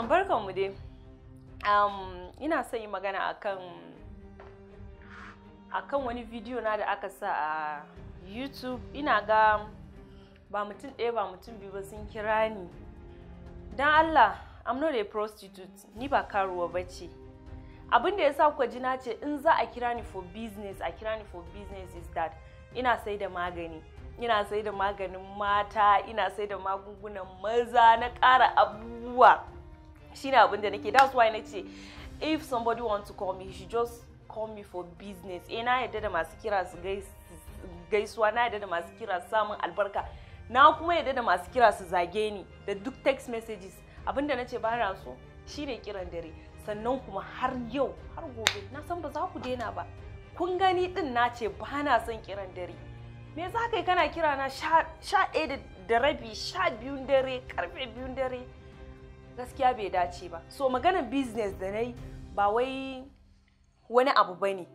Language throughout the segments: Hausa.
mu dai um, ina son yi magana akan akan wani bidiyo na da aka sa a youtube ina ga ba mutum ɗaya ba mutum biyu ba sun kira ni don allah i'm not a prostitute ni ba karuwa ba ce abin da ya sa kuka ji na ce in za a kira ni for business a kira ni for business is that ina sai da magani ina sai da maganin mata ina sai da magungunan maza na ƙara abubuwa shine abinda nake that's why nace if somebody want to call me she just call me for business eh na yadda da masu kira su gaisuwa na yadda da masu kira samun albarka na kuma yadda da masu kira su zage ni da duk text messages abinda nace ba na so shine kiran dare sannan kuma har yau har gobe na san ba za ku daina ba kun gani din na ce ba na son kiran dare me za ka kana kira na sha ɗaya da rabi sha biyun dare karfe biyun dare gaskiya bai dace ba so maganar business da na yi ba wai wani abu ba ne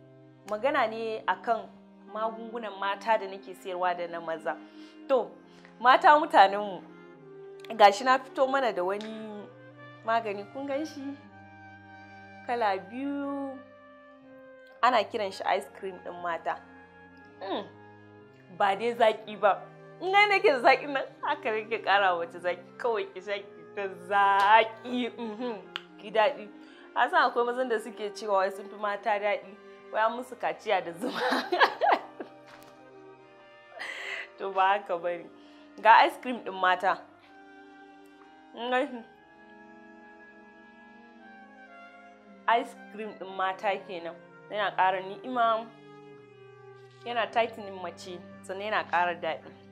magana ne akan magungunan mata da nake sayarwa da na maza to mata mutanenmu gashi na fito mana da wani magani kun gan shi kala biyu ana kiran shi ice cream din mata hmm. ba dai zaki ba Ina nake da zaki nan haka nake kara wata zaki kawai ki zaki ka zaƙi mhm, daɗi a akwai mazan da suke cewa wai sun fi mata daɗi wai musu kaciya da zuma to ba haka bari ga ice cream ɗin mata ice cream ɗin mata kenan yana ƙara ni'ima yana tightening mace sannan yana ƙara daɗi